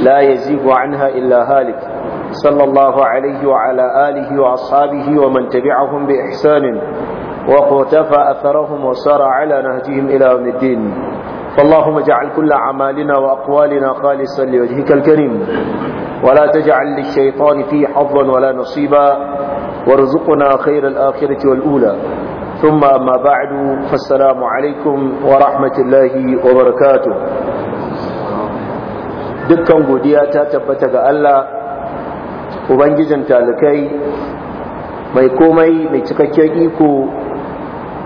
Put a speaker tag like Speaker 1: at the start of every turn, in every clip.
Speaker 1: لا يزيغ عنها إلا هالك صلى الله عليه وعلى آله وأصحابه ومن تبعهم بإحسان وقتفى أثرهم وسار على نهجهم إلى يوم الدين فاللهم اجعل كل أعمالنا وأقوالنا خالصا لوجهك الكريم ولا تجعل للشيطان فيه حظا ولا نصيبا وارزقنا خير الآخرة والأولى ثم أما بعد فالسلام عليكم ورحمة الله وبركاته dukkan godiya ta tabbata ga Allah ubangijin talikai mai komai mai cikakken iko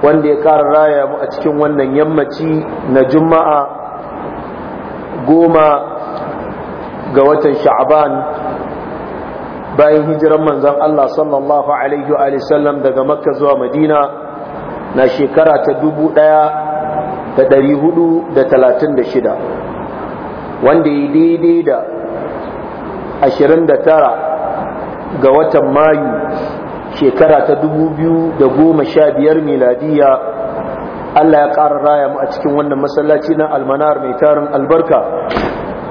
Speaker 1: wanda ya ƙara raya mu a cikin wannan yammaci na juma'a goma ga watan sha'aban bayan hijiran manzan Allah sallallahu alaihi wa sallam daga makka zuwa madina na shekara ta dubu ɗaya da ɗari hudu da talatin da shida wanda ya daidai da 29 ga watan mayu shekara ta 2015 miladiya Allah ya ƙara raya mu a cikin wannan masallaci na almanar mai tarin albarka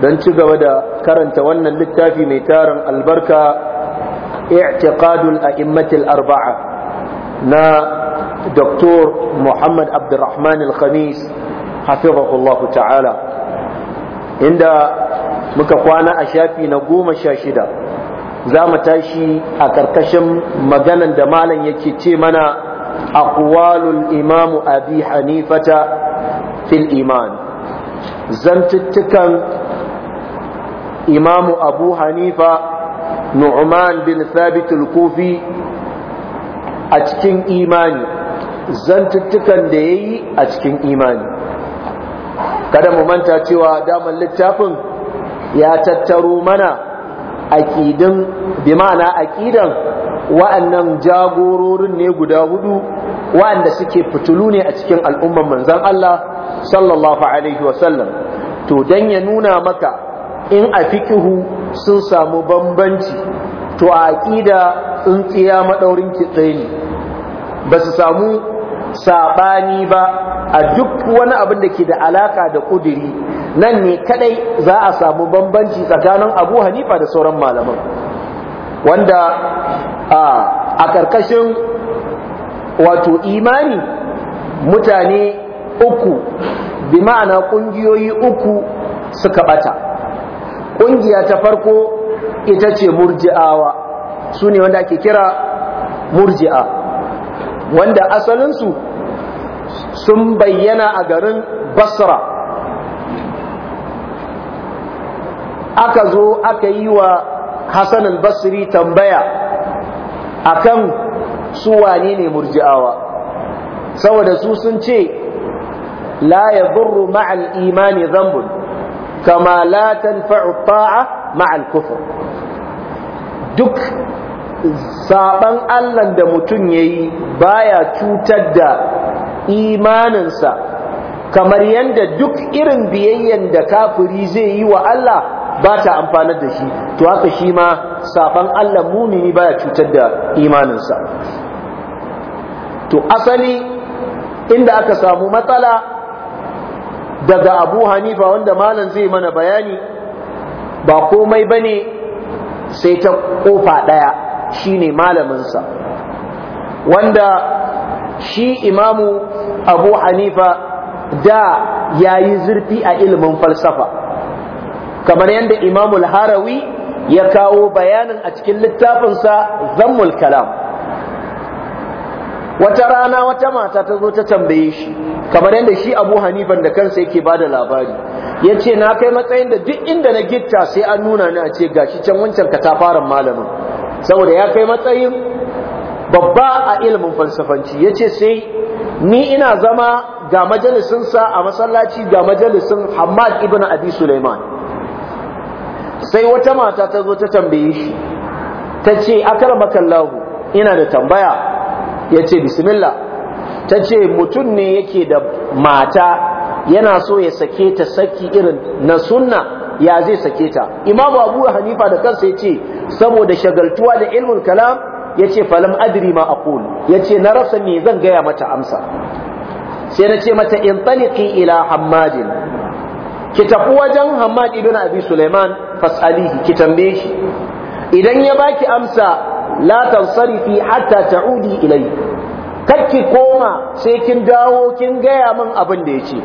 Speaker 1: don ci gaba da karanta wannan littafi mai tarin albarka i'tiqadul a'immatil arba'a na Dr. Muhammad Abdurrahman Al-Khamis hafizahullahu ta'ala inda muka kwana a shafi na goma sha shida za mu tashi a ƙarƙashin maganan da malam yake ce mana aqwalul imamu abi hanifata fil iman zantuttukan imamu abu hanifa nu'man bin thabit al-kufi a cikin imani zantuttukan da yayi a cikin imani kada mu manta cewa daman littafin ya tattaro mana aƙidin bi ma'ana aƙidan wa'annan jagororin ne guda hudu wa'anda suke fitulu ne a cikin al'umman manzan Allah sallallahu alaihi wasallam to dan ya nuna maka in a fikihu sun samu bambanci to a aƙida tsintsiya maɗaurin kitse ne ba su samu saɓani ba a duk wani abin da ke da alaka da kuduri nan ne kadai za a samu bambanci tsakanin abu hanifa da sauran malaman wanda a karkashin wato imani mutane uku bi ma'ana kungiyoyi uku suka bata kungiya ta farko ita ce murji'awa su ne wanda ake kira murji'a wanda asalinsu sun bayyana a garin basra aka zo aka yi wa hassan al-basri tambaya akan su wane ne murji'awa saboda su sun ce la ya yadurru ma'al imani zambun kama la tanfa'u ta'a ma'al kufur duk saban allan da mutum yayi baya cutar da imaninsa kamar yadda duk irin biyayyen da kafiri zai yi wa Allah ba ta amfanar da shi to haka shi ma saban Allah mumini baya cutar da imaninsa to asali inda aka samu matsala daga Abu Hanifa wanda malam zai mana bayani ba komai bane sai ta kofa daya shine malaminsa wanda shi imamu abu hanifa da ya yi zurfi a ilimin falsafa kamar yadda imamul harawi ya kawo bayanin a cikin littafinsa zammul kalam wata rana wata mata ta zo ta tambaye shi kamar yadda shi abu hanifan da kansa yake ba da labari ya ce na kai matsayin da duk inda na gitta sai an nuna ni a ce gashi can wancan ka ta fara malamin saboda ya kai matsayin babba a ilimin falsafanci ya ce sai ni ina zama ga majalisinsa a masallaci ga majalisin Hamad ibn Abi Sulaiman sai wata mata ta zo ta tambaye shi ta ce akarmakallahu ina da tambaya ya ce bismillah ta ce mutum ne yake da mata yana so ya sake ta saki irin na sunna ya zai sake ta imamu abu hanifa da kansa ya ce saboda shagaltuwa da ilmin kalam yace falam adri ma aqul yace na rasa me zan gaya mata amsa sai na ce mata in taliqi ila hammadin ki tafi wajen hammad ibn abi sulaiman fasalihi ki tambaye shi idan ya baki amsa la tansarifi hatta ta'udi ilai kar ki koma sai kin dawo kin gaya min abin da ya ce.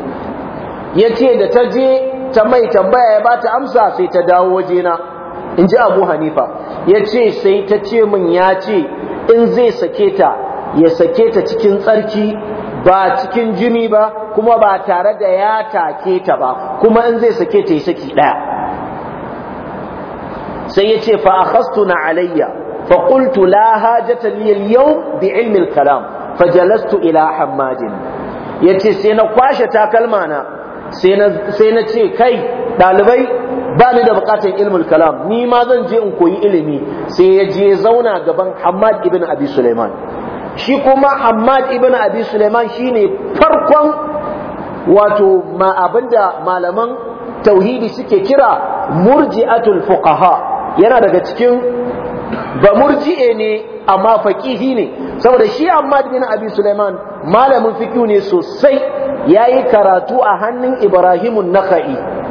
Speaker 1: yace da ta je ta mai tambaya ya bata amsa sai ta dawo na in ji abu hanifa ya ce sai ta ce min ya ce in zai sake ta ya sake ta cikin tsarki ba cikin jini ba kuma ba tare da ya take ta ba kuma in zai sake ta yi saki ɗaya sai ya ce na alayya fa ƙultu la hajata li yau bi kalam fa jalastu ila hammadin yace sai na kwashe takalma sai na sai na ce kai dalibai ba ni da bukatar ilmul kalam ni ma zan je in koyi ilimi sai ya je zauna gaban Hamad ibn Abi Sulaiman shi kuma Hamad ibn Abi Sulaiman shine farkon wato ma abinda malaman tauhidi suke kira murji'atul fuqaha yana daga cikin ba murji'e ne amma faqihi ne saboda shi Ahmad bin Abi Sulaiman malamin fiqh ne sosai yayi karatu a hannun Ibrahimun Nakhai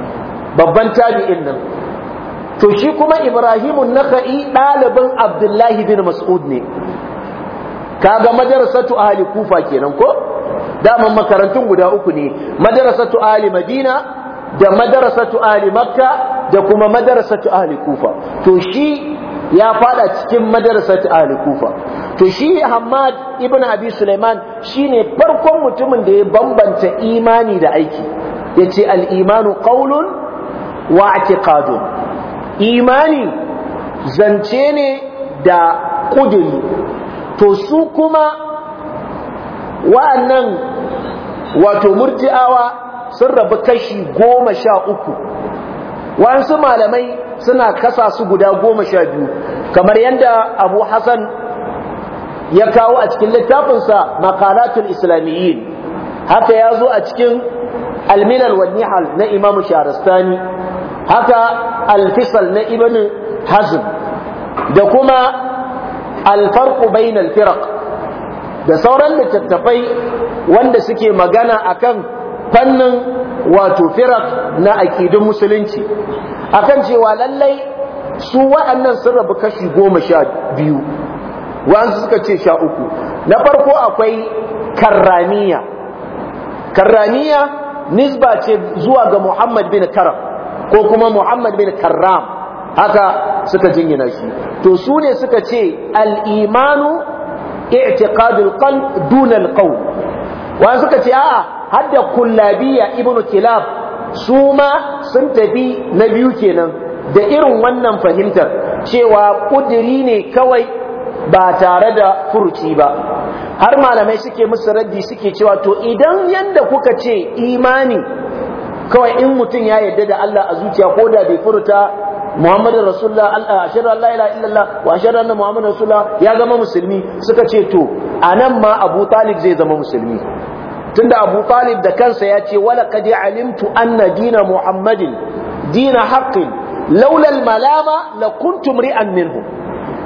Speaker 1: babban tabi'in nan to shi kuma ibrahimun naka'i ɗalibin abdullahi bin mas'ud ne kaga madarasatu ahli kufa kenan ko daman makarantun guda uku ne madarasatu ahli madina da madarasatu ahli makka da kuma madarasatu ahli kufa to shi ya fada cikin madarasatu ahli kufa to shi Hamad ibn Abi Sulaiman shine farkon mutumin da ya bambanta imani da aiki yace al-imanu qawlun wa i'tiqadun imani zance ne da ƙuduri to su kuma wa'annan wato murji'awa sun rabu kashi goma sha uku wa'ansu malamai suna kasa su guda goma sha biyu kamar yadda abu hassan ya kawo a cikin littafinsa makalatul islamiyyin haka ya zo a cikin alminar wa nihal na imamu sharastani haka alfisal na ibn hazm da kuma alfarku bainar Firak da sauran littattafai wanda suke magana akan fannin wato Firak na aƙidun musulunci akan cewa lallai su waɗannan sun rabu kashi goma sha biyu wa'ansu suka ce sha uku na farko akwai karramiya. Karramiya nisba ce zuwa ga muhammad bin karam ko kuma Muhammad bin Karram haka suka jingina shi to su ne suka ce al-imanu i'tiqadul qalb duna al wa suka ce a'a hadda kullabiya ibnu kilab su ma sun tafi na biyu kenan da irin wannan fahimtar cewa kudiri ne kawai ba tare da furuci ba har malamai suke musu raddi suke cewa to idan yanda kuka ce imani kawai in mutum ya yarda da Allah a zuciya ko da bai furta Muhammadu Rasulullah Allah ashhadu an la ilaha illallah wa ashhadu anna Muhammadu Rasulullah ya zama musulmi suka ce to anan ma Abu Talib zai zama musulmi tunda Abu Talib da kansa ya ce wala qad alimtu anna dina Muhammadin dina haqqin laula al malama la kuntum ri'an minhu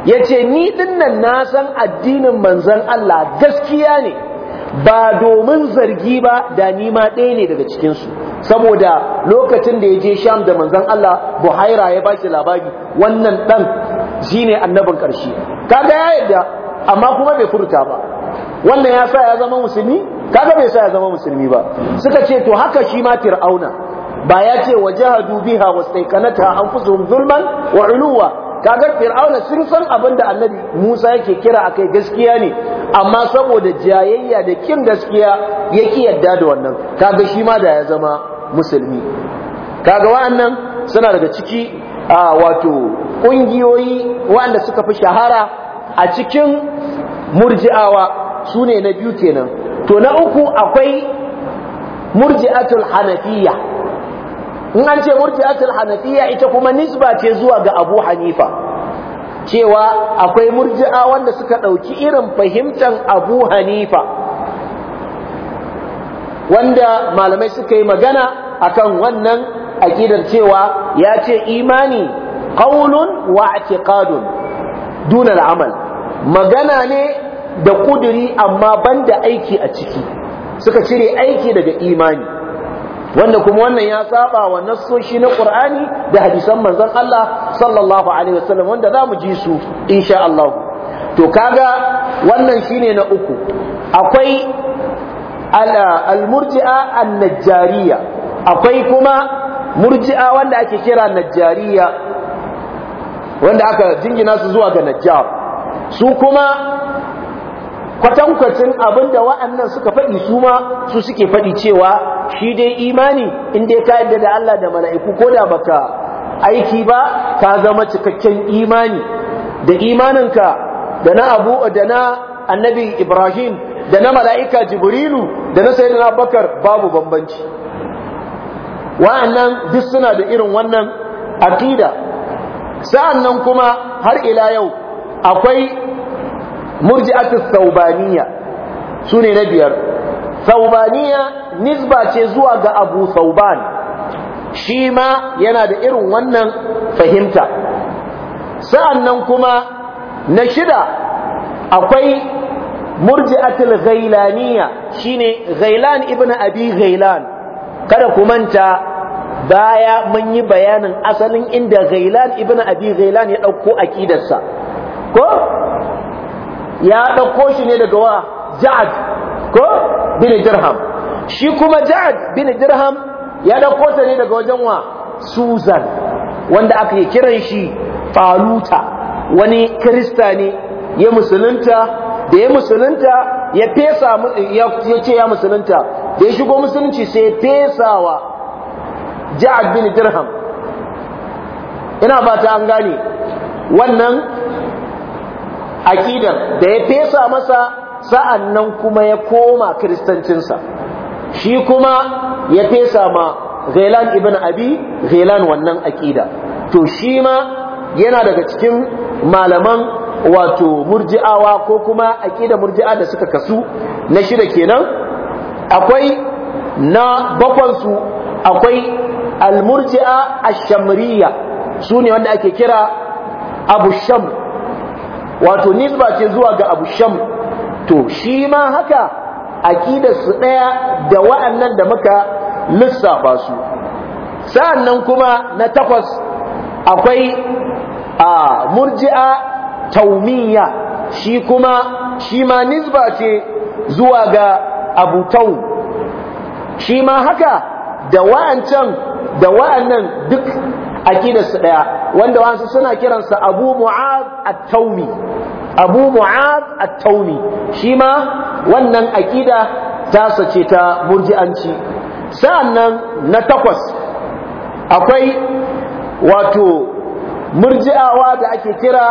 Speaker 1: yace ni dinnan na san addinin manzon Allah gaskiya ne ba domin zargi ba da ni ma ɗaya ne daga cikinsu saboda lokacin da ya je sham da manzon Allah buhaira ya bashi labari wannan dan shine annabin karshe kaga ya yadda amma kuma bai furta ba wannan ya sa ya zama musulmi kaga bai sa ya zama musulmi ba suka ce to haka shi ma fir'auna ba ya ce wajahadu biha an anfusuhum zulman wa uluwa kagar fir'auna sun san abin da annabi musa yake kira a kai gaskiya ne amma saboda jayayya da kin gaskiya ya ki yadda da wannan kaga shi ma da ya zama musulmi kaga wa'annan suna daga ciki a wato ƙungiyoyi wa'anda suka fi shahara a cikin murji'awa su ne na biyu kenan to na uku akwai murji'atul hanafiyya in an ce murji'atul hanafiya ita kuma nisba ce zuwa ga abu hanifa cewa akwai murji'a wanda suka ɗauki irin fahimtar abu hanifa wanda malamai suka yi magana akan wannan aƙidar cewa ya ce imani qaulun wa i'tiqadun duna al'amal magana ne da kuduri amma banda aiki a ciki suka cire aiki daga imani wanda kuma wannan ya saba wa nassoshi na Qur'ani da hadisan manzon Allah sallallahu alaihi wasallam wanda za mu ji su insha Allah to kaga wannan shine na uku akwai al-murji'a an-najjariya akwai kuma murji'a wanda ake kira najjariya wanda aka jingina su zuwa ga najjar su kuma kwatankwacin abin da wa'annan suka faɗi su ma su suke faɗi cewa shi dai imani in dai ka yadda da Allah da mala'iku ko da baka aiki ba ka zama cikakken imani da imaninka da na abu da na annabi Ibrahim da na mala'ika Jibrilu da na na Bakar babu bambanci wa'annan duk suna da irin wannan sa'an nan kuma har ila yau akwai murji'atu saubaniya su na biyar saubaniya nisba ce zuwa ga abu sauban shi ma yana da irin wannan fahimta sa'an nan kuma na shida akwai murji'atul ghailaniya shine ghailan ibn abi ghailan kada ku manta baya mun yi bayanin asalin inda ghailan ibn abi ghailan ya dauko aqidarsa ko ya ɗauko shi ne daga wa ja'ad ko bin dirham shi kuma ja'ad bin dirham ya ɗauko ta ne daga wajen wa suzan wanda aka yi kiran shi faluta wani kirista ne ya musulunta da ya musulunta ya fesa ya ce ya musulunta da ya shigo musulunci sai ya fesa wa ja'ad bin dirham ina ba ta an gane wannan aƙidar da ya fesa masa sa'an nan kuma ya koma kiristancinsa shi kuma ya fesa ma Ghailan ibn Abi Ghailan wannan aƙida to shi ma yana daga cikin malaman wato murji'awa ko kuma akida murji'a da suka kasu na shida kenan akwai na bakwansu su akwai almurji'a ash-shamriyya sune wanda ake kira Abu Sham wato nisba ce zuwa ga abu sham to shi ma haka aqidar su daya da wa'annan da muka lissafa su sa'annan kuma na takwas akwai a murji'a taumiyya shi kuma shi ma nisba ce zuwa ga abu taw shi ma haka da wa'ancan da wa'annan duk aqidarsu ɗaya wanda wasu suna kiransa Abu mu'az at-Tawmi Abu mu'az at-Tawmi shi ma wannan aƙida ta sace ta murji'anci sa'annan na takwas akwai wato murji'awa da ake kira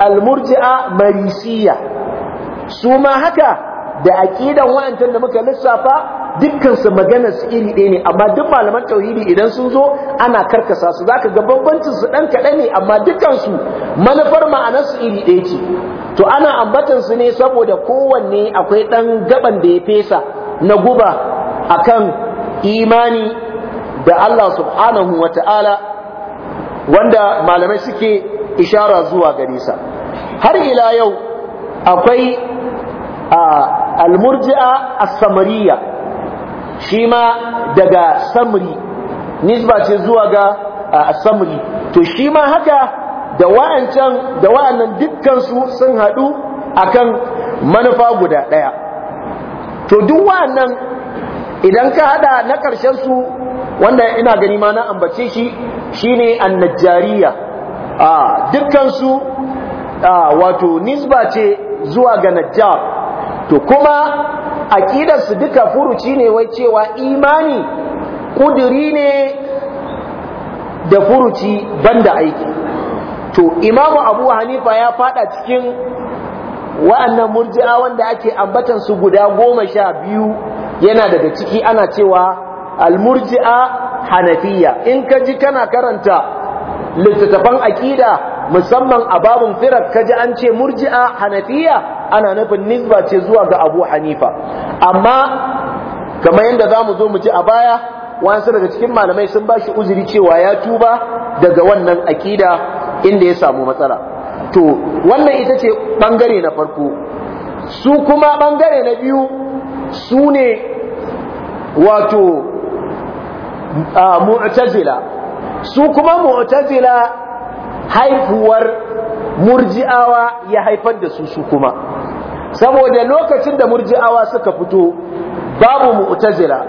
Speaker 1: al-murji'a marisiyya su ma haka da aƙidan wa'antan da muka lissafa dukkansu magana iri ɗaya ne amma duk malaman tauhidi idan sun zo ana karkasa su zaka ga bambancin su dan kaɗan ne amma dukkansu manufar ma'anar su iri ɗaya ce to ana ambatan su ne saboda kowanne akwai ɗan gaban da ya fesa na guba akan imani da Allah subhanahu wa ta'ala wanda malamai suke ishara zuwa gare sa har ila yau akwai a almurji'a as-samariyya shi ma daga samri nisba ce zuwa ga samri to shi ma haka da wa'ancan da wa'annan dukkansu sun haɗu akan manufa guda ɗaya to duk wa'annan idan ka haɗa na ƙarshen su wanda ina gani ma na ambace shi shine annajariya a dukkansu wato nisba ce zuwa ga najjar to kuma aqidar su duka furuci ne wai cewa imani ƙuduri ne da furuci banda aiki to imamu abu hanifa ya fada cikin wa'annan murji'a wanda ake ambatan su guda goma sha biyu yana daga ciki ana cewa almurji'a hanafiya in ka ji kana karanta littattafan aƙida musamman a babun ka kaji an ce murji'a hanafiya ana nufin nisba ce zuwa ga abu hanifa amma kamar yadda za mu zo mu ji a baya wasu daga cikin malamai sun ba shi uzuri cewa ya tuba daga wannan akida inda ya samu matsala to wannan ita ce bangare na farko su kuma bangare na biyu su ne wato mu'tazila su kuma mu'tazila haifuwar murji'awa ya haifar da su su kuma saboda lokacin da murji'awa suka fito babu mu'tazila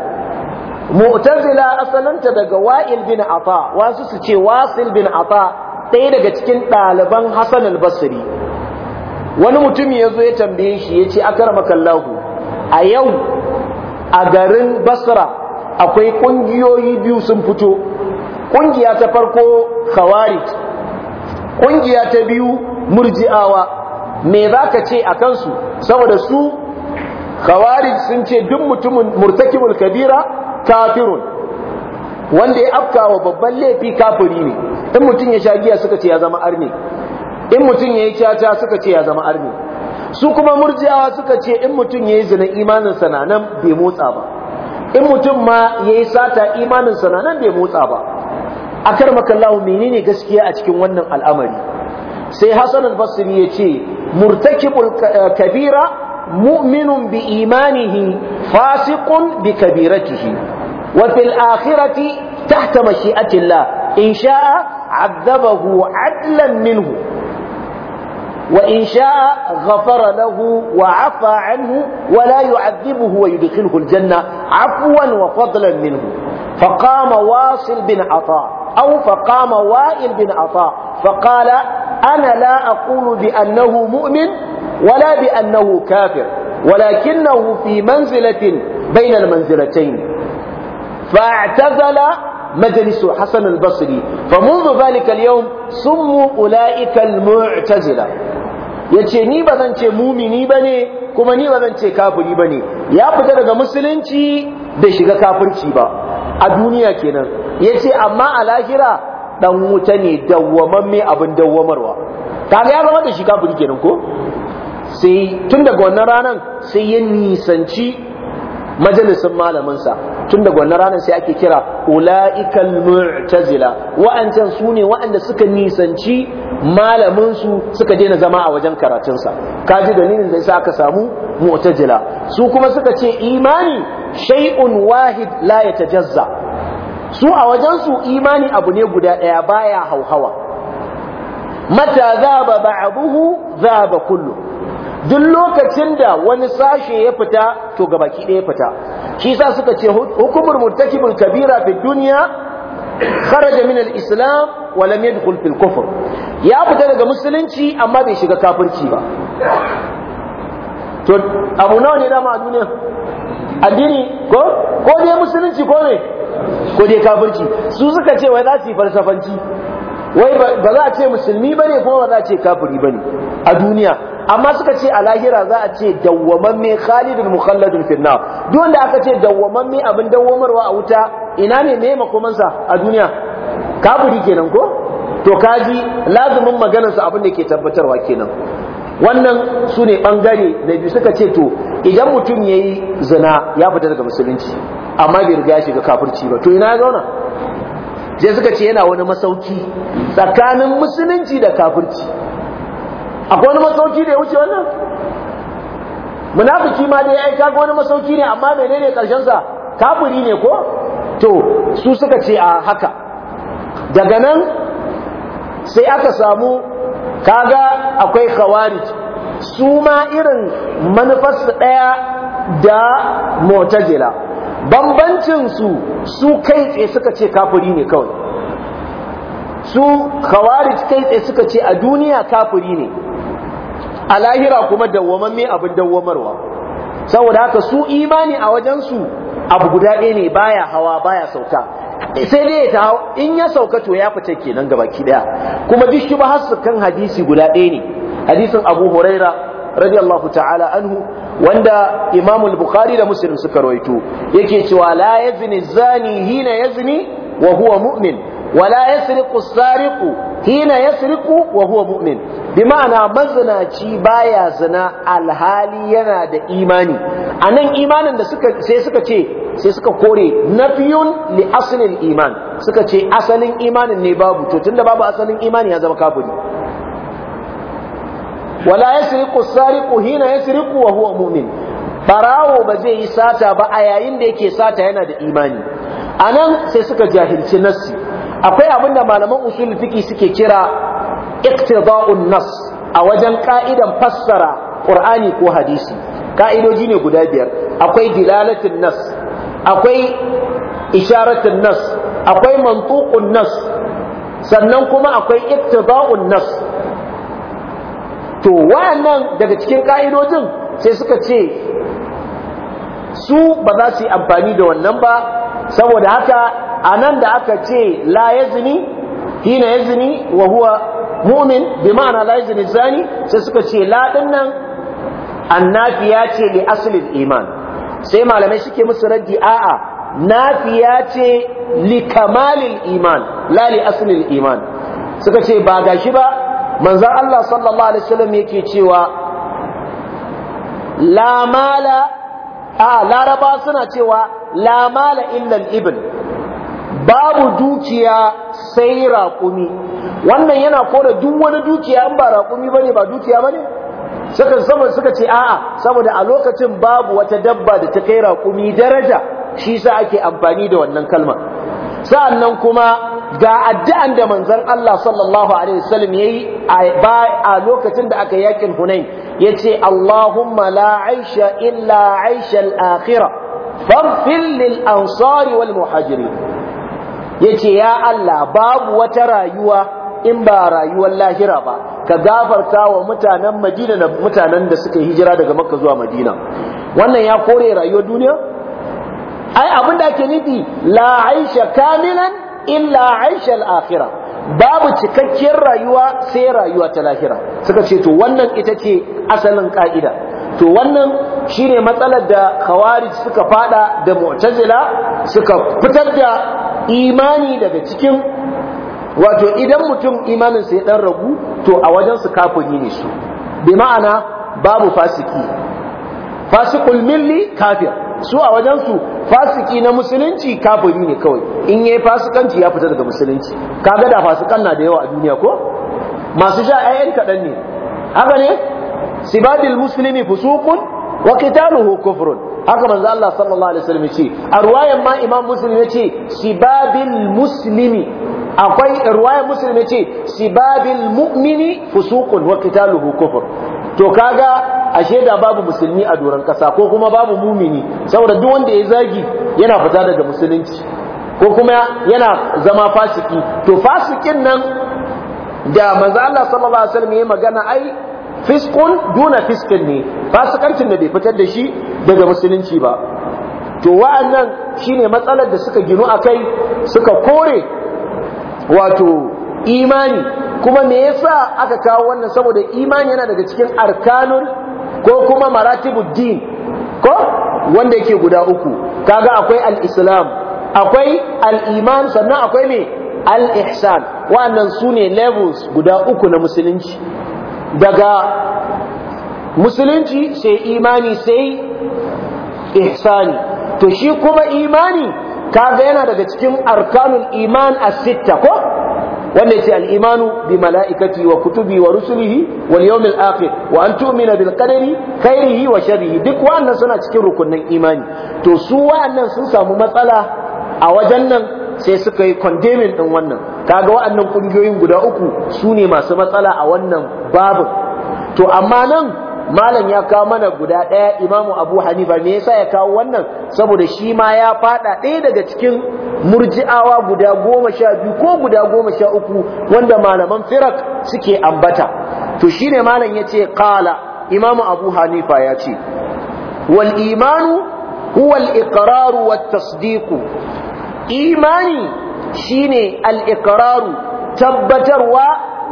Speaker 1: mu'tazila asalinta daga wa'il bin ata wasu su ce wasil bin ata ɗaya daga cikin ɗaliban hasan al wani mutum ya zo ya tambaye shi ya ce akaramakallahu a yau a garin basra akwai ƙungiyoyi biyu sun fito ƙungiya ta farko khawarij ƙungiya ta biyu murji'awa me za ka ce a kansu saboda su khawarij sun ce duk mutumin murtakibul kabira kafirun wanda ya afkawa babban laifi kafiri ne in mutum ya sha giya suka ce ya zama arni in mutum ya yi caca suka ce ya zama arni su kuma murji'awa suka ce in mutum ya yi zina imanin sana'nan bai motsa ba in mutum ma ya yi sata imanin sana'nan bai motsa ba akarmaka Allah menene gaskiya a cikin wannan al'amari sai Hassan al-Basri yace murtakibul kabira mu'minun bi imanihi fasiqun bi kabiratihi wa fil akhirati tahta mashi'ati Allah in sha'a 'adzabahu 'adlan minhu wa wa in sha'a ghafara lahu 'afa 'anhu wa la وعفى wa yudkhiluhu al-janna 'afwan wa fadlan minhu فقام واصل بن عطاء أو فقام وائل بن عطاء فقال أنا لا أقول بأنه مؤمن ولا بأنه كافر ولكنه في منزلة بين المنزلتين فاعتزل مجلس حسن البصري فمنذ ذلك اليوم سموا أولئك المعتزلة yace ni ba zan ce mumini bane kuma ni ba zan ce kafiri bane ya fita daga musulunci bai shiga kafirci ba a duniya kenan Ya ce amma a lahira dan wuta ne dawwamamme abin dawwamarwa kaga ya zama da shi kafin kenan ko sai tun daga wannan ranar sai ya nisanci majalisin malaminsa tun da wannan ranar sai ake kira ula'ikal mu'tazila wa'ancan su ne wa'anda suka nisanci malaminsu suka daina zama a wajen karatunsa kaji dalilin da yasa aka samu mu'tazila su kuma suka ce imani shay'un wahid la yatajazza su a wajensu imani abu ne guda ɗaya baya hauhawa mata zaba ba'abuhu zaba kullu duk lokacin da wani sashe ya fita to gabaki ɗaya fita shi sa suka ce hukumar murtakibul kabira fi duniya kharaja min al-islam wa lam yadkhul fil kufr ya fita daga musulunci amma bai shiga kafirci ba to abu nawa ne dama a duniya addini ko ko dai musulunci ko ne ko dai kafirci su suka ce wai za su yi falsafanci wai ba za a ce musulmi bane kuma ba za a ce kafiri bane a duniya amma suka ce a lahira za a ce dawwamamme khalidun mukhalladun finna duk wanda aka ce dawwamamme abin dawwamarwa a wuta ina ne me makomansa a duniya kafiri kenan ko to kaji lazumin maganar su abin da ke tabbatarwa kenan wannan su ne bangare da biyu suka ce to idan mutum ya yi zina ya fita daga musulunci amma bai riga ya shiga kafirci ba to ina ya zauna je suka ce yana wani masauki tsakanin musulunci da kafirci akwai wani masauki da ya wuce wannan munafiki ma dai ai kaga wani masauki ne amma menene karshen sa kafiri ne ko to su suka ce a haka daga nan sai aka samu kaga akwai khawarij su ma irin manufarsu ɗaya da motajila bambancin su su kai tsaye suka ce kafiri ne kawai su khawarij kai tsaye suka ce a duniya kafuri ne a lahira kuma dawwamamme abin dawwamarwa saboda haka su imani a wajen su abu guda ɗaya ne baya hawa baya sauka sai dai ta hau in ya sauka to ya fita kenan gaba ki daya kuma duk shi ba kan hadisi guda ɗaya ne hadisin Abu Huraira radiyallahu ta'ala anhu wanda Imamul bukhari da Muslim suka rawaito yake cewa la yazni zani hina yazni wa huwa mu'min wa la yasriqu sariqu hina yasriqu wa huwa mu'min bima'ana mazinaci baya zina alhali yana da imani anan imanin da suka sai suka ce sai suka kore nafiyun li aslin iman suka ce asalin imanin ne babu to tunda babu asalin imani ya zama kafiri wala yasriqu sariqu hina yasriqu wa huwa mu'min barawo ba zai yi sata ba a yayin da yake sata yana da imani anan sai suka jahilci nassi akwai abin da malaman usul fiqi suke kira iktida'un nas a wajen ka'idan fassara qur'ani ko hadisi ka'idoji ne guda biyar akwai dilalatin nas akwai isharatin nas akwai mantuqun nas sannan kuma akwai iktida'un nas to wa'annan daga cikin ka'idojin sai suka ce su ba za su yi amfani da wannan ba saboda haka a nan da aka ce la ya zini hina ya zini wa huwa mu'min bi ma'ana la ya zini zani sai suka ce la din nan annafiya ce li asalin iman sai malamai suke musu raddi a'a nafiya ce li kamalil iman la li asalin iman suka ce ba gashi ba manzon Allah sallallahu alaihi wasallam yake cewa la mala a laraba suna cewa lamala mala illa ibn babu dukiya sai raƙumi wannan yana kora duk wani dukiya an ba raƙumi bane ba dukiya bane suka saboda suka ce a'a saboda a lokacin babu wata dabba da ta kai raƙumi daraja shi sa ake amfani da wannan kalma sa'annan kuma ga addu'an da manzon Allah sallallahu alaihi wasallam yayi a lokacin da aka yakin Hunain yace Allahumma la aisha illa aisha al-akhirah farfil lil ansari wal muhajirin yace ya Allah babu wata rayuwa in ba rayuwar lahira ba ka gafarta wa mutanen Madina da mutanen da suka hijira daga Makka zuwa Madina wannan ya kore rayuwar duniya ai abin da ake nufi la aisha kamilan illa aishal akhirah babu cikakkiyar rayuwa sai rayuwa ta lahira suka ce to wannan ita ce asalin ka'ida to wannan shine matsalar da khawarij suka fada da mu'tazila suka fitar da imani daga cikin wato idan mutum imanin sai dan ragu to a wajen su kafiri ne su bi ma'ana babu fasiki fasikul milli kafir su a wajensu fasiki na musulunci kafiri ne kawai in yayi fasikanci ya fita daga musulunci kaga da fasikan na da yawa a duniya ko masu sha ayyan kaɗan ne haka ne sibadil muslimi fusukun wa qitaluhu kufrun haka manzo Allah sallallahu alaihi wasallam ce a ruwayan ma imam muslim yace ce sibabil muslimi akwai ruwaya muslim yace ce sibabil mu'mini fusukun wa qitaluhu kufr to kaga ashe da babu musulmi a doron kasa ko kuma babu mumini saboda duk wanda ya zagi yana fita daga musulunci ko kuma yana zama fasiki to fasikin nan da manzo Allah sallallahu alaihi wasallam ya magana ai fiskun duna fiskin ne fasikancin da bai fitar da shi daga musulunci ba to wa'annan shine matsalar da suka ginu akai suka kore wato imani kuma me yasa aka kawo wannan saboda imani yana daga cikin arkanul ko kuma maratibuddin ko wanda yake guda uku kaga akwai al-islam akwai al-iman sannan akwai me al-ihsan wannan sune levels guda uku na musulunci daga musulunci sai imani sai ihsani to shi kuma imani kaga yana daga cikin arkanul iman as-sitta ko wanda yace al-imanu bi malaikati wa kutubi wa rusulihi wal yawmil akhir wa an tu'mina bil qadari khairihi wa sharrihi duk wannan suna cikin rukunin imani to su wa'annan sun samu matsala a wajen nan sai suka yi condemning din wannan kaga wa'annan kungiyoyin guda uku su ne masu matsala a wannan babu to amma nan malam ya kawo mana guda ɗaya imamu abu hanifa me yasa ya kawo wannan saboda shi ma ya faɗa ɗaya daga cikin murji'awa guda goma sha biyu ko guda goma sha uku wanda malaman firak suke ambata to shine malam ya ce ƙala imamu abu hanifa ya ce wal imanu huwa al iqraru wat tasdiqu imani shine al iqraru tabbatarwa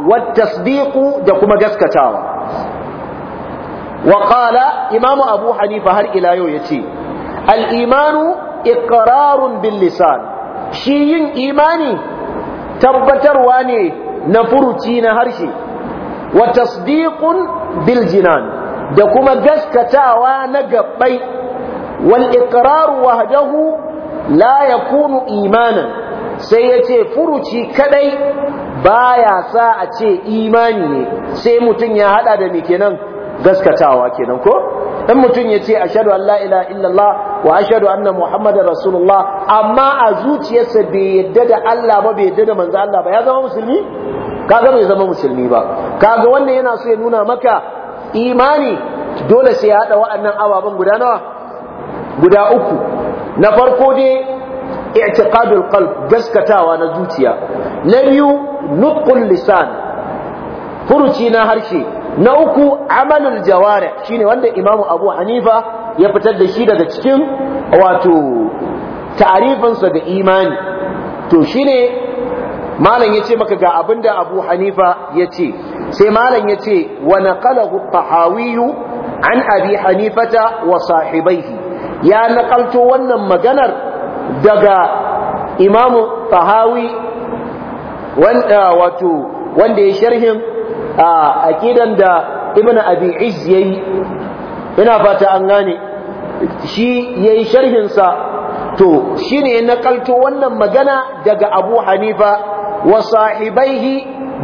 Speaker 1: wat tasdiqu da kuma gaskatawa wa imam abu hanifa har ila yau yace al imanu iqrarun bil shi yin imani tabbatarwa ne na furuci na harshe wa tasdiqun bil jinan da kuma gaskatawa na gabbai wal iqraru wahdahu la yakunu imanan sai yace furuci kadai baya sa a ce imani ne sai mutum ya haɗa da me kenan gaskatawa kenan ko in mutum ya ce ashadu an la ilaha illallah wa ashadu anna muhammadun rasulullah amma a zuciyarsa bai yadda da Allah ba bai yadda da manzo Allah ba ya zama musulmi kaga bai zama musulmi ba kaga wannan yana so ya nuna maka imani dole sai ya hada waɗannan ababen guda nawa guda uku na farko dai i'tiqadul qalb gaskatawa na zuciya na biyu nutqul lisan furuci na harshe na uku amalul jawari shine wanda imamu abu hanifa ya fitar da shi daga cikin wato ta'arifinsa ga imani to shine malam ya ce maka ga abinda abu hanifa ya ce sai malam ya ce wa naqalahu tahawiyu an abi hanifata wa sahibaihi ya nakalto wannan maganar daga imamu tahawi wanda wato wanda ya sharhin a aqidan da Ibn abi iz yayi ina fata an gane shi yayi sharhin sa to shine na kalto wannan magana daga Abu Hanifa wa sahibaihi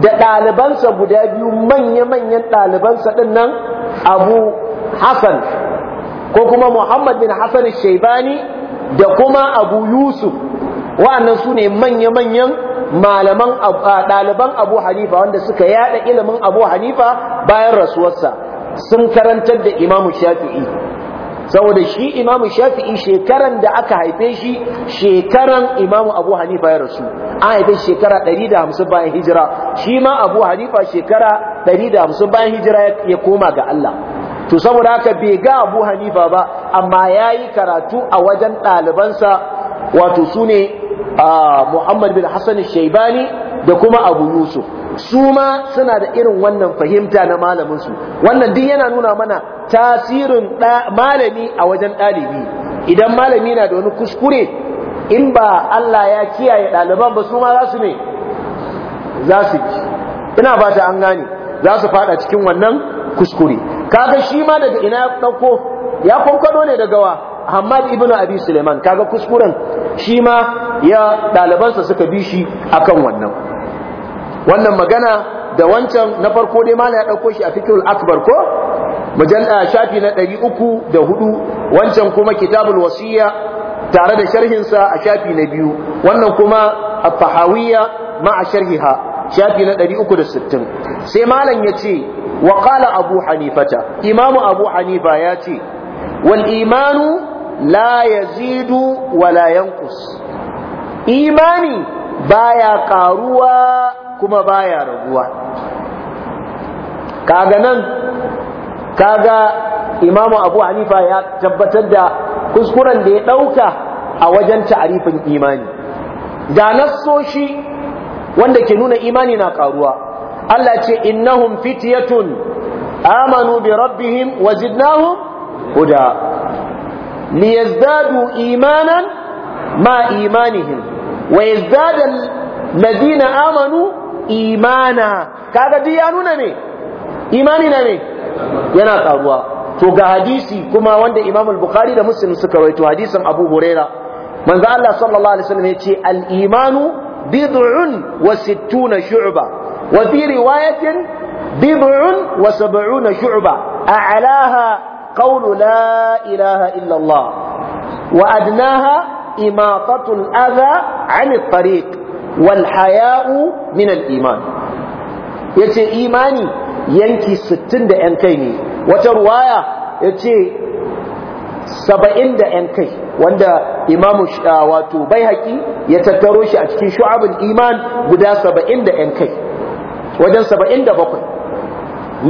Speaker 1: da ɗalibansa guda biyu manya-manyan ɗalibansa ɗin nan Abu Hassan ko kuma Muhammad bin Hassan Shaibani da kuma Abu Yusuf wa'annan su ne manya-manyan malaman ɗaliban abu hanifa wanda suka yada ilimin abu hanifa bayan rasuwarsa sun karantar da imamu shafi'i saboda shi imamu shafi'i shekaran da aka haife shi shekaran imamu abu hanifa ya rasu an haife shekara 150 bayan hijira shi ma abu hanifa shekara 150 bayan hijira ya koma ga Allah to saboda haka bai ga abu hanifa ba amma ya yi karatu a wajen ɗalibansa wato su ne Muhammad bin Hassan Shaibani da kuma Abu Yusuf su ma suna da irin wannan fahimta na malaminsu wannan duk yana nuna mana tasirin malami a wajen ɗalibi idan malami na da wani kuskure in ba Allah ya kiyaye ɗaliban ba su ma za su ne za su ji ina ba ta an gane za su fada cikin wannan kuskure kaga shi ma daga ina ya ɗauko ya kwankwado ne daga wa Hamad ibn Abi Suleiman kaga kuskuren shi ma ya ɗalibansa suka bi shi akan wannan wannan magana da wancan na farko dai mala ya ɗauko shi a fikrul akbar ko mujalla shafi na ɗari uku da hudu wancan kuma kitabul wasiya tare da sharhinsa a shafi na biyu wannan kuma a ma a sharhiha shafi na ɗari uku da sittin sai malam ya ce wa abu hanifata imamu abu hanifa ya ce wal imanu la yazidu wala yanqus imani baya karuwa kuma baya raguwa kaga nan kaga imamu abu hanifa ya tabbatar da kuskuren da ya ɗauka a wajen ta'arifin imani ga nassoshi wanda ke nuna imani na karuwa Allah ce innahum fityatun amanu bi rabbihim wazidnahum huda liyazdadu imanan ma imanihim wa yazdada alladhina amanu imana kaga duk ya nuna me yana karuwa to ga hadisi kuma wanda Imam al-Bukhari da Muslim suka rawaito hadisin Abu Huraira manza Allah sallallahu alaihi wasallam yace al-imanu bid'un wa sittuna shu'ba wa fi riwayatin bid'un wa sab'una shu'ba a'laha قول لا إله إلا الله وأدناها إماطة الأذى عن الطريق والحياء من الإيمان yace imani yanki sittin da ‘yan kai ne wata ruwaya ya ce 70 da ‘yan kai wanda imamu wato bai haƙi ya tattaro shi a cikin shu'abin iman guda 70 da ‘yan kai wajen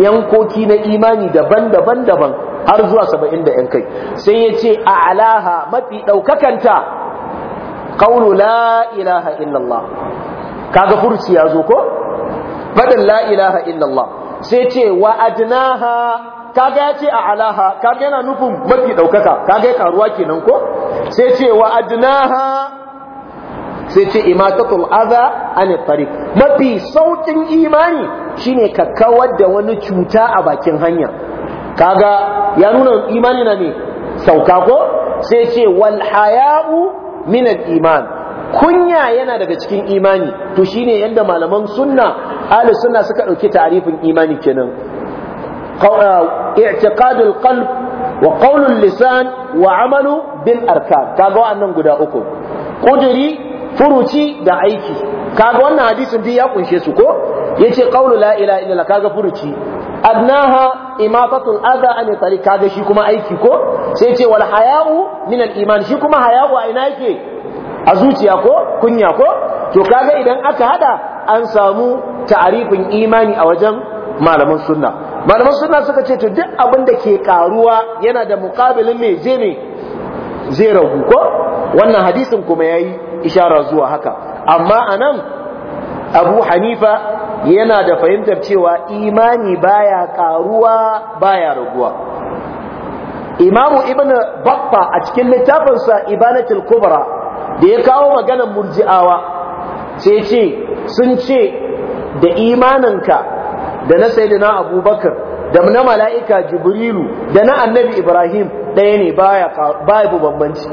Speaker 1: yankoki na imani daban-daban daban har zuwa saba'in da yan kai sai ya ce a alaha mafi ɗaukakanta ƙaunu la ilaha illallah kaga furci ya zo ko faɗin la ilaha illallah sai ce wa adnaha kaga ya ce a alaha kaga yana nufin mafi ɗaukaka kaga ya karuwa kenan ko sai ce wa adnaha sai ce imatatul adha an tariq mafi saukin imani shine ka kawar da wani cuta a bakin hanya kaga ya nuna imani na ne sauka ko sai ce wal haya'u min al iman kunya yana daga cikin imani to shine yanda malaman sunna ahli sunna suka dauki tarifin imani kenan eh, i'tiqadul qalb wa lisan wa amalu bil arkan kaga wannan guda uku kuduri furuci da aiki kaga wannan hadisin duk ya kunshe su ko yace qawlu la ilaha illallah kaga furuci adnaha imatatul adha an tari kaga shi kuma aiki ko sai ce wal haya'u min iman shi kuma haya'u a ina yake a zuciya ko kunya ko to kaga idan aka haɗa an samu ta'arifin imani a wajen malaman sunna malaman sunna suka ce to duk abin da ke ƙaruwa yana da muqabilin me je zai ragu ko wannan hadisin kuma yayi isharar zuwa haka amma anan Abu Hanifa yana da fahimtar cewa imani baya karuwa baya raguwa imamu ibn baffa a cikin littafinsa ibanatul kubra da ya kawo maganar murji'awa sai ce sun ce da imaninka da na sayyidina abubakar da na mala'ika jibrilu da na annabi ibrahim ɗaya ne baya babu bambanci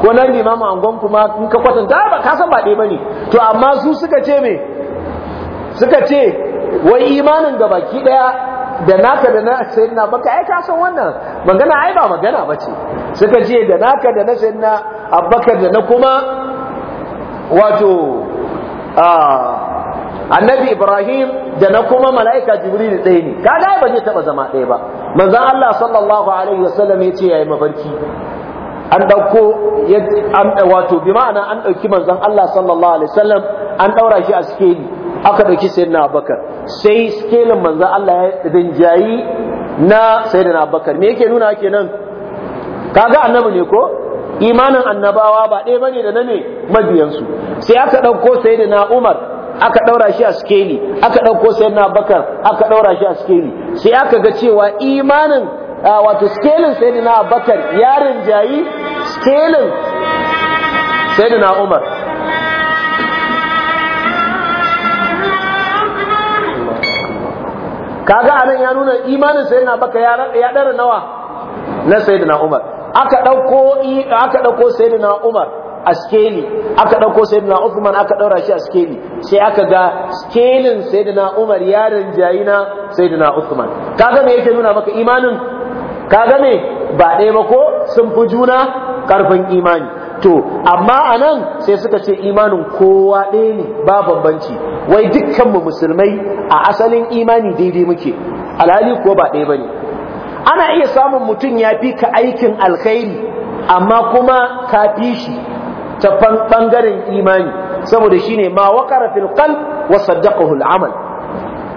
Speaker 1: ko nan limamin angon kuma in ka kwatanta ba ka san ba ɗaya bane to amma su suka ce me suka ce wai imanin ga baki ɗaya da naka da na sayyidina baka ai ka san wannan magana ai ba magana bace suka ce da naka da na sayyidina abbakar da na kuma wato annabi ibrahim da na kuma mala'ika jibril ɗaya ne kaga ba zai taɓa zama ɗaya ba manzon Allah sallallahu alaihi wasallam ya ce yayi mafarki an ɗauko wato bi ma'ana an ɗauki manzon Allah sallallahu alaihi wasallam an ɗaura shi a skeli aka ɗauki sayyidina Abubakar sai skelin manzon Allah ya rinjayi na sayyidina Abubakar me yake nuna kenan kaga annabi ne ko imanin annabawa ba ɗaya bane da na ne mabiyansu sai aka ɗauko sayyidina Umar aka ɗaura shi a skeli aka ɗauko sayyidina Abubakar aka ɗaura shi a skeli sai aka ga cewa imanin wato skelin sayyidina Abakar, yarin jayi, skelin sayyidina umar kaga anan ya nuna imanin sayyidina Abakar ya dara nawa na sayyidina umar aka dauko aka dauko sayyidina umar a skeli aka ɗauko sayyidina Usman aka ɗaura shi a skeli sai aka ga skelin sayyidina Umar yarin jayi na Usman. Uthman kaga me yake nuna maka imanin kaga me ba ɗaya ba ko sun fi juna ƙarfin imani to amma a nan sai suka ce imanin kowa ɗaya ne ba bambanci wai dukkanmu musulmai a asalin imani daidai muke alhali kuwa ba ɗaya ba ne ana iya samun mutum ya fi ka aikin alkhairi amma kuma ka fi shi ta ɓangaren imani saboda shine ma waƙara fil qalb wa saddaqahu al amal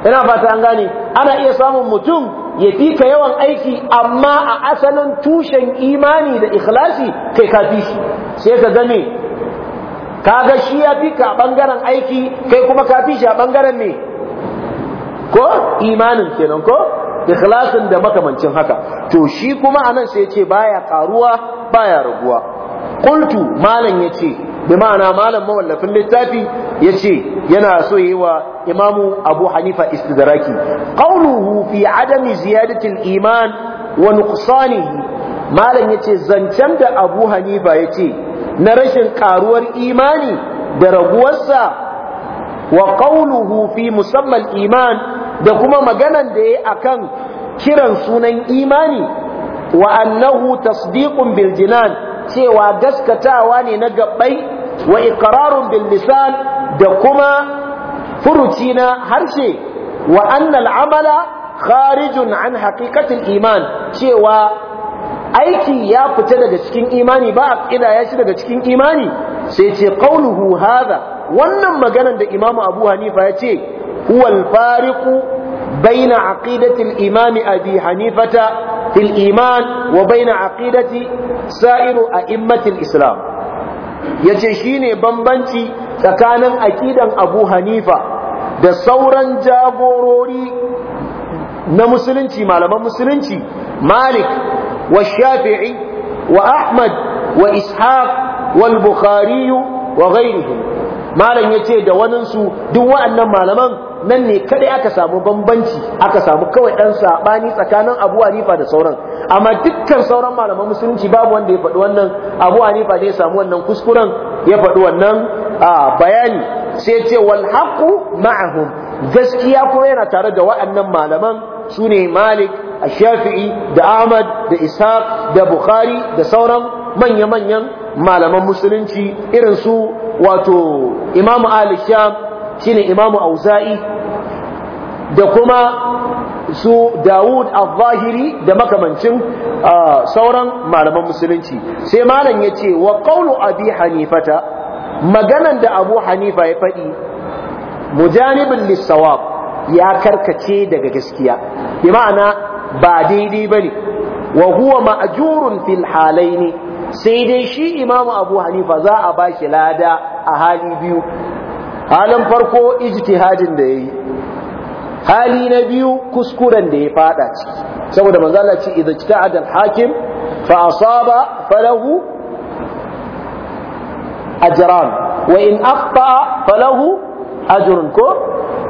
Speaker 1: ina fata an gane ana iya samun mutum ya fi ka yawan aiki amma a asalin tushen imani da ikhlasi kai ka fi shi sai ka zame ka ga shi ya fi ka a bangaren aiki kai kuma ka fi shi a bangaren me ko imanin kenan ko ikhlasin da makamancin haka to shi kuma anan sai ce baya karuwa baya raguwa qultu malam yace bi malam mawallafin littafi yace yana so ya yi wa imamu abu hanifa istidraki qawluhu fi adami ziyadati iman wa nuqsanihi malam yace zancen da abu hanifa yace na rashin ƙaruwar imani da raguwarsa wa qawluhu fi musamman iman da kuma maganan da yayi akan kiran sunan imani wa annahu tasdiqun bil cewa gaskatawa ne na gabbai wa iqrarun bil lisan da kuma furuci na harshe wa annal amala kharijun an haqiqatil iman cewa aiki ya fita daga cikin imani ba a ya shi daga cikin imani sai ce qauluhu hadha wannan maganar da Imam Abu Hanifa ya ce huwal fariqu baina aqidati al-Imam Abi Hanifata fil iman wa baina aqidati sa'iru a'immatil Islam yace shine bambanci tsakanin aƙidan Abu Hanifa da sauran jagorori na musulunci malaman musulunci Malik wa Shafi'i wa Ahmad wa Ishaq wal Bukhariyu wa ghayrihim malam yace da waninsu duk wa'annan malaman nan ne kadai aka samu bambanci aka samu kawai ɗan sabani tsakanin Abu Hanifa da sauran amma dukkan sauran malaman musulunci babu wanda ya faɗi wannan Abu Hanifa ne ya samu wannan kuskuren ya faɗi wannan bayani sai ce wal haqu ma'ahum gaskiya kuma yana tare da waɗannan malaman sune Malik Shafi'i da Ahmad da Ishaq da Bukhari da sauran manya-manyan malaman musulunci irin su wato Imam Ali Sham shine imamu auza'i da kuma su Dawud al-Zahiri da makamancin sauran malaman musulunci sai malam ya ce wa qawlu abi hanifata maganan da abu hanifa ya faɗi mujanibin lissawab ya karkace daga gaskiya bi ma'ana ba daidai bane wa huwa ma'jurun fil halaini sai dai shi imamu abu hanifa za a bashi lada a hali biyu halin farko ijtihadin da yayi hali na biyu kuskuren da ya fada ciki saboda manzo Allah ce idza ijtahada hakim fa asaba falahu ajran wa in afta falahu ajrun ko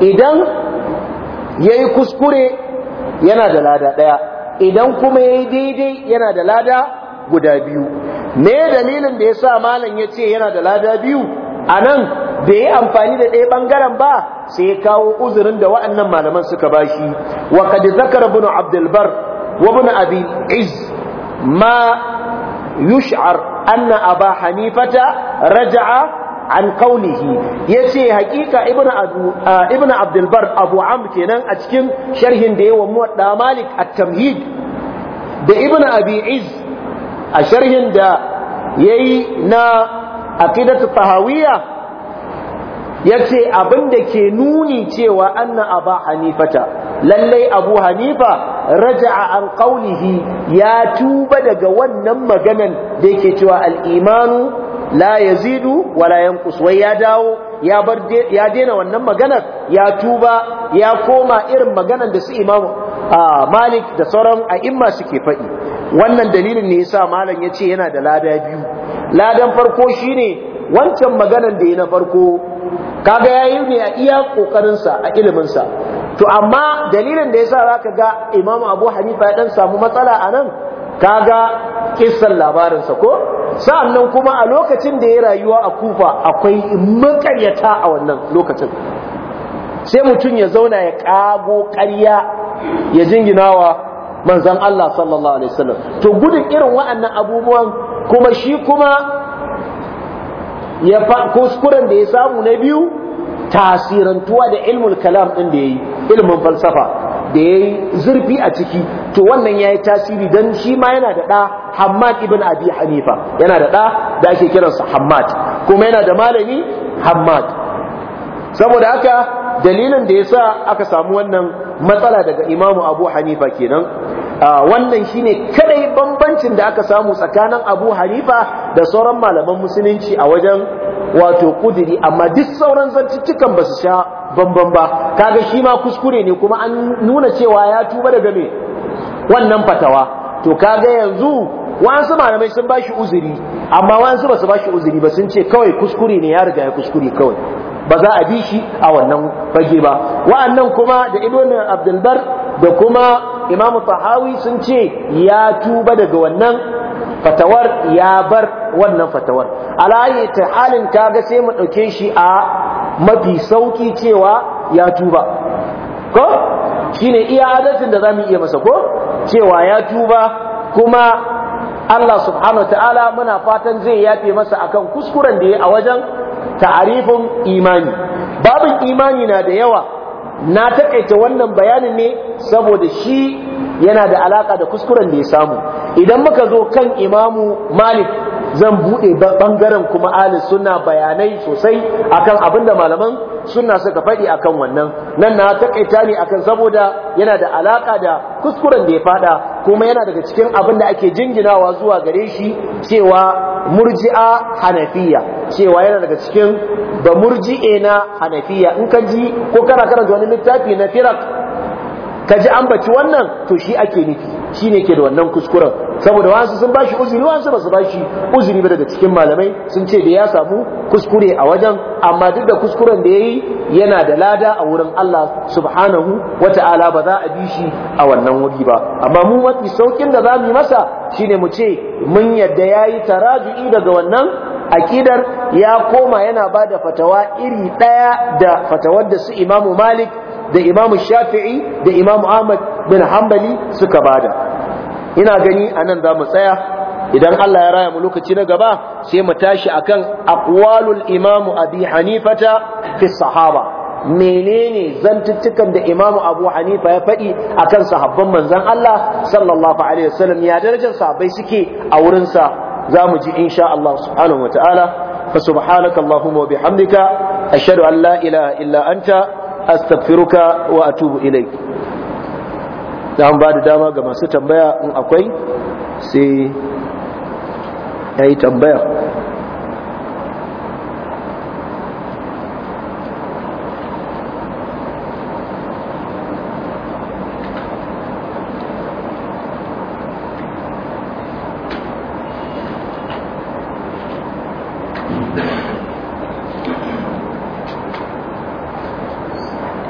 Speaker 1: idan yayi kuskure yana da lada daya idan kuma yayi daidai yana da lada guda biyu me dalilin da yasa malam yace yana da lada biyu anan bai yi amfani da ɗaya ɓangaren ba sai ya kawo uzurin da wa'annan malaman suka ba wa kad Zakar ibn Abdulbar, wa abi iz ma yush'ar anna aba hanifata raja'a an kaunihi ya ce hakika ibn abdulbar abu am kenan a cikin sharhin da yawan muwadda malik a tamhid da ibn abi'iz a sharhin da ya yi na aqidatu tahawiyya yace abin da ke nuni cewa anna abu hanifata lallai abu hanifa raja'a an qaulihi ya tuba daga wannan maganan da yake cewa al-imanu la yazidu wala yanqus wai ya dawo ya bar ya daina wannan maganar ya tuba ya koma irin maganar da su imamu malik da sauran a'imma suke faɗi wannan dalilin ne yasa malam yace yana da lada biyu ladan farko shine wancan maganar da ya na farko kaga yayi ne a iya kokarin sa a ilimin sa to amma dalilin da yasa zaka ga Imam Abu Hanifa ya dan samu matsala anan kaga kissan labarin sa ko sannan kuma a lokacin da ya rayuwa a Kufa akwai makaryata a wannan lokacin sai mutum ya zauna ya kago ƙarya ya jinginawa manzon Allah sallallahu alaihi wasallam to gudun irin waɗannan abubuwan kuma shi kuma ya kuskuren da ya samu na biyu tasirantuwa da ilmul kalam din da yayi ilmin falsafa da yayi zurfi a ciki to wannan yayi tasiri dan shi ma yana da da Hammad ibn Abi Hanifa yana da da da ake kiransa Hammad kuma yana da malami Hammad saboda haka dalilin da yasa aka samu wannan matsala daga Imam Abu Hanifa kenan wannan shine kadai bambancin da aka samu tsakanin Abu Hanifa da sauran malaman musulunci a wajen wato kudiri amma duk sauran zantuttukan basu sha bamban ba kaga shi ma kuskure ne kuma an nuna cewa ya tuba daga me wannan fatawa to kaga yanzu wasu malamai sun bashi uzuri amma wasu basu bashi uzuri ba sun ce kawai kuskure ne ya riga ya kuskure kawai ba za a bi shi a wannan fage ba wa'annan kuma da ibn abdulbar da kuma imam tahawi sun ce ya tuba daga wannan fatawar ya bar wannan fatawar alayi ta halin kaga sai mu ɗauke shi a mafi sauki cewa ya tuba ko shine iya adalcin da za mu iya masa ko cewa ya tuba kuma Allah subhanahu ta'ala muna fatan zai yafe masa akan kuskuren da ya a wajen ta'arifin imani babin imani na da yawa na takaita wannan bayanin ne saboda shi yana da alaka da kuskuren da ya samu idan muka zo kan imamu malik zan buɗe ɓangaren kuma ahli suna bayanai sosai akan abin da malaman sunna suka faɗi akan wannan nan na takaita ne akan saboda yana da alaka da kuskuren da ya fada kuma yana daga cikin abin da ake jinginawa zuwa gare shi cewa murji'a hanafiya cewa yana daga cikin ba murji'e na hanafiya in ka ji ko kana karanta wani littafi na firak ka ji ambaci wannan to shi ake nufi shine ke da wannan kuskuren saboda wasu sun bashi uzuri wasu ba su bashi uzuri ba daga cikin malamai sun ce da ya samu kuskure a wajen amma duk da kuskuren da yayi yana da lada a wurin Allah subhanahu wata'ala ba za a bi shi a wannan wuri ba amma mu mafi saukin da zamu yi masa shine mu ce mun yadda yayi taraji'i daga wannan akidar ya koma yana bada fatawa iri ɗaya da fatawar da su Imam malik da imamu shafi'i da imamu ahmad bin hanbali suka bada ina gani a nan za mu tsaya idan Allah ya raya mu lokaci na gaba sai mu tashi akan aqwalul imamu abi hanifata fi sahaba menene zantuttukan da imamu abu hanifa ya faɗi akan sahabban manzon Allah sallallahu alaihi wasallam ya darajar sahabbai suke a wurinsa za mu ji insha Allah subhanahu wa ta'ala fa subhanakallahumma wa bihamdika ashhadu an la ilaha illa anta astaghfiruka wa atubu ilai dan ba da dama ga masu tambaya in akwai sai yayi tambaya